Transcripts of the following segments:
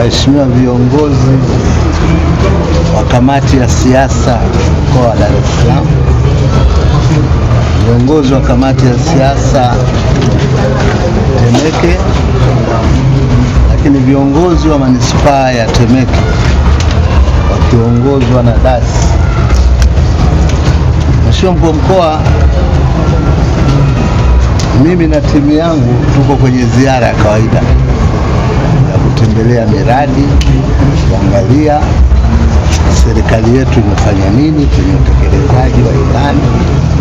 waheshimiwa viongozi wa kamati ya siasa mkoa wa Dar es Salaam, viongozi wa kamati ya siasa Temeke, lakini viongozi wa manispaa ya Temeke wakiongozwa na dasi. Mheshimiwa mkuu wa mkoa, mimi na timu yangu tuko kwenye ziara ya kawaida kutembelea miradi, kuangalia serikali yetu imefanya nini kwenye utekelezaji wa ilani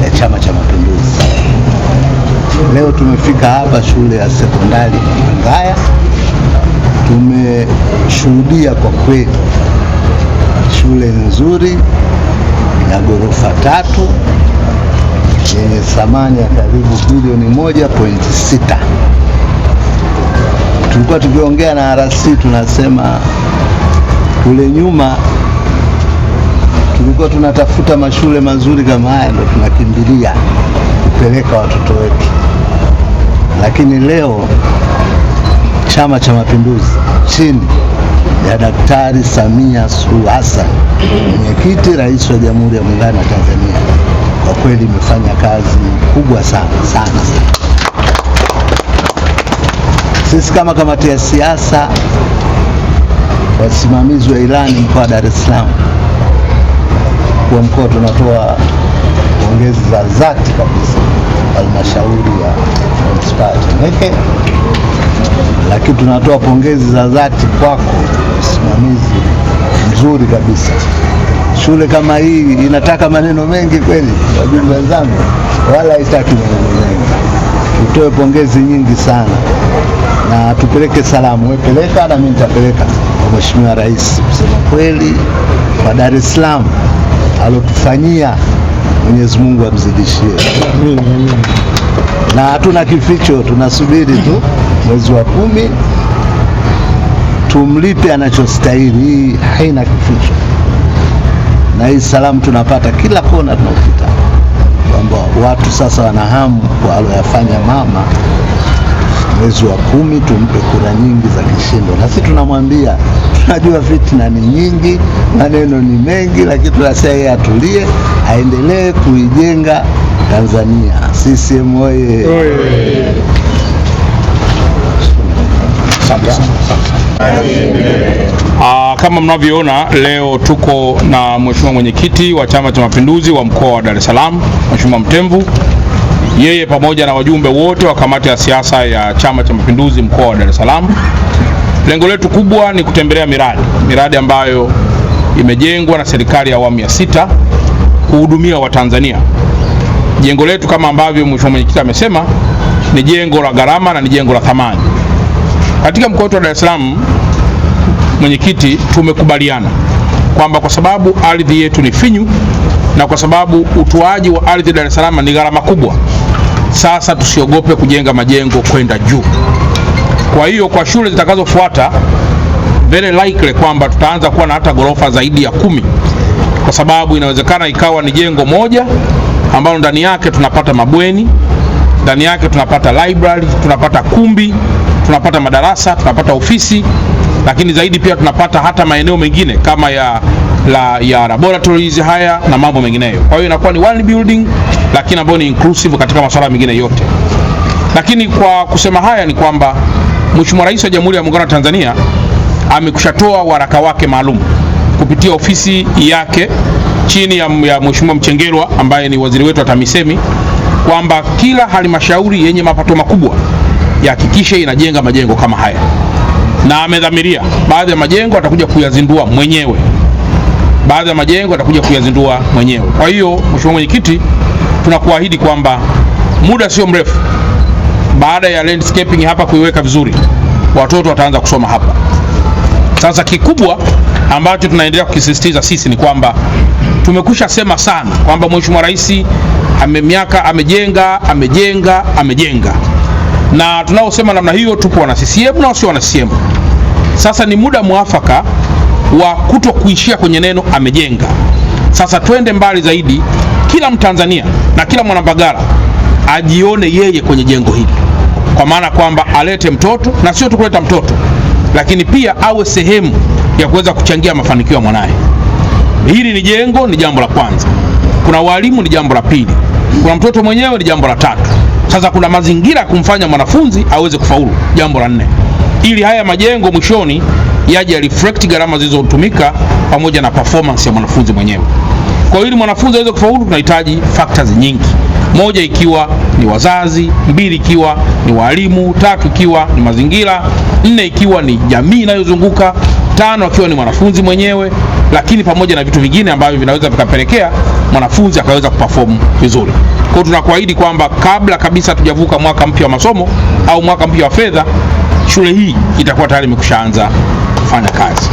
ya Chama cha Mapinduzi. Leo tumefika hapa shule ya sekondari Ngaya, tumeshuhudia kwa kweli shule nzuri ya ghorofa tatu yenye thamani ya karibu bilioni moja pointi sita tulikuwa tukiongea na RC tunasema, kule nyuma tulikuwa tunatafuta mashule mazuri kama haya, ndo tunakimbilia kupeleka watoto wetu, lakini leo Chama cha Mapinduzi chini ya Daktari Samia Suluhu Hassan, mwenyekiti rais wa Jamhuri ya Muungano wa Tanzania, kwa kweli imefanya kazi kubwa sana sana. Sisi kama kamati ya siasa, wasimamizi wa ilani mkoa wa Dar es Salaam, kwa mkoa tunatoa pongezi za dhati kabisa halmashauri ya manispaa ya Temeke, lakini tunatoa pongezi za dhati kwako, usimamizi mzuri kabisa. Shule kama hii inataka maneno mengi kweli, wajumbe wenzangu, wala haitaki maneno mengi utoe pongezi nyingi sana na tupeleke salamu, wepeleka na mimi nitapeleka kwa Mheshimiwa Rais. Kusema kweli, kwa Dar es Salaam alotufanyia Mwenyezi Mungu amzidishie. Na hatuna kificho, tunasubiri tu mwezi wa kumi tumlipe anachostahili. Hii haina kificho, na hii salamu tunapata kila kona tunapita kwamba watu sasa wanahamu kwa aloyafanya mama mwezi wa kumi, tumpe kura nyingi za kishindo. Na sisi tunamwambia tunajua fitna ni nyingi, maneno ni mengi, lakini tunasema yeye atulie, aendelee kuijenga Tanzania. CCM oye! Asante. Aa, ah, kama mnavyoona leo tuko na mheshimiwa mwenyekiti wa Chama cha Mapinduzi wa mkoa wa Dar es Salaam, Mheshimiwa Mtemvu, yeye pamoja na wajumbe wote wa kamati ya siasa ya Chama cha Mapinduzi mkoa wa Dar es Salaam. Lengo letu kubwa ni kutembelea miradi, miradi ambayo imejengwa na serikali ya awamu ya sita kuhudumia Watanzania. Jengo letu kama ambavyo mheshimiwa mwenyekiti amesema ni jengo la gharama na ni jengo la thamani. Katika mkoa wetu wa Dar es Salaam mwenyekiti, tumekubaliana kwamba kwa sababu ardhi yetu ni finyu na kwa sababu utoaji wa ardhi Dar es Salaam ni gharama kubwa, sasa tusiogope kujenga majengo kwenda juu. Kwa hiyo kwa shule zitakazofuata very likely kwamba tutaanza kuwa na hata ghorofa zaidi ya kumi, kwa sababu inawezekana ikawa ni jengo moja ambalo ndani yake tunapata mabweni, ndani yake tunapata library, tunapata kumbi, tunapata madarasa, tunapata ofisi lakini zaidi pia tunapata hata maeneo mengine kama ya la, ya laboratories haya na mambo mengineyo. Kwa hiyo inakuwa ni one building, lakini ambayo ni inclusive katika masuala mengine yote. Lakini kwa kusema haya ni kwamba Mheshimiwa Rais wa Jamhuri ya Muungano wa Tanzania amekushatoa waraka wake maalum kupitia ofisi yake chini ya, ya Mheshimiwa Mchengerwa ambaye ni waziri wetu wa TAMISEMI kwamba kila halmashauri yenye mapato makubwa yahakikishe inajenga majengo kama haya na amedhamiria baadhi ya majengo atakuja kuyazindua mwenyewe, baadhi ya majengo atakuja kuyazindua mwenyewe. Kwa hiyo, Mheshimiwa Mwenyekiti, tunakuahidi kwamba muda sio mrefu baada ya landscaping hapa kuiweka vizuri, watoto wataanza kusoma hapa. Sasa kikubwa ambacho tunaendelea kukisisitiza sisi ni kwamba tumekusha sema sana kwamba Mheshimiwa Rais ame miaka amejenga amejenga amejenga na tunaosema namna hiyo tupo wana CCM na wasio wana CCM. Sasa ni muda mwafaka wa kuto kuishia kwenye neno amejenga. Sasa twende mbali zaidi, kila Mtanzania na kila Mwanambagala ajione yeye kwenye jengo hili, kwa maana kwamba alete mtoto na sio tu kuleta mtoto, lakini pia awe sehemu ya kuweza kuchangia mafanikio ya mwanaye. Hili ni jengo, ni jambo la kwanza. Kuna walimu, ni jambo la pili. Kuna mtoto mwenyewe, ni jambo la tatu. Sasa kuna mazingira ya kumfanya mwanafunzi aweze kufaulu. Jambo la nne, ili haya majengo mwishoni yaje ya reflect gharama zilizotumika pamoja na performance ya mwanafunzi mwenyewe. Kwa hiyo ili mwanafunzi aweze kufaulu, tunahitaji factors nyingi, moja ikiwa ni wazazi, mbili ikiwa ni walimu, tatu ikiwa ni mazingira, nne ikiwa ni jamii inayozunguka, tano akiwa ni mwanafunzi mwenyewe lakini pamoja na vitu vingine ambavyo vinaweza vikapelekea mwanafunzi akaweza kuperform vizuri. Kwa hiyo tunakuahidi kwamba kabla kabisa tujavuka mwaka mpya wa masomo au mwaka mpya wa fedha, shule hii itakuwa tayari imekushaanza kufanya kazi.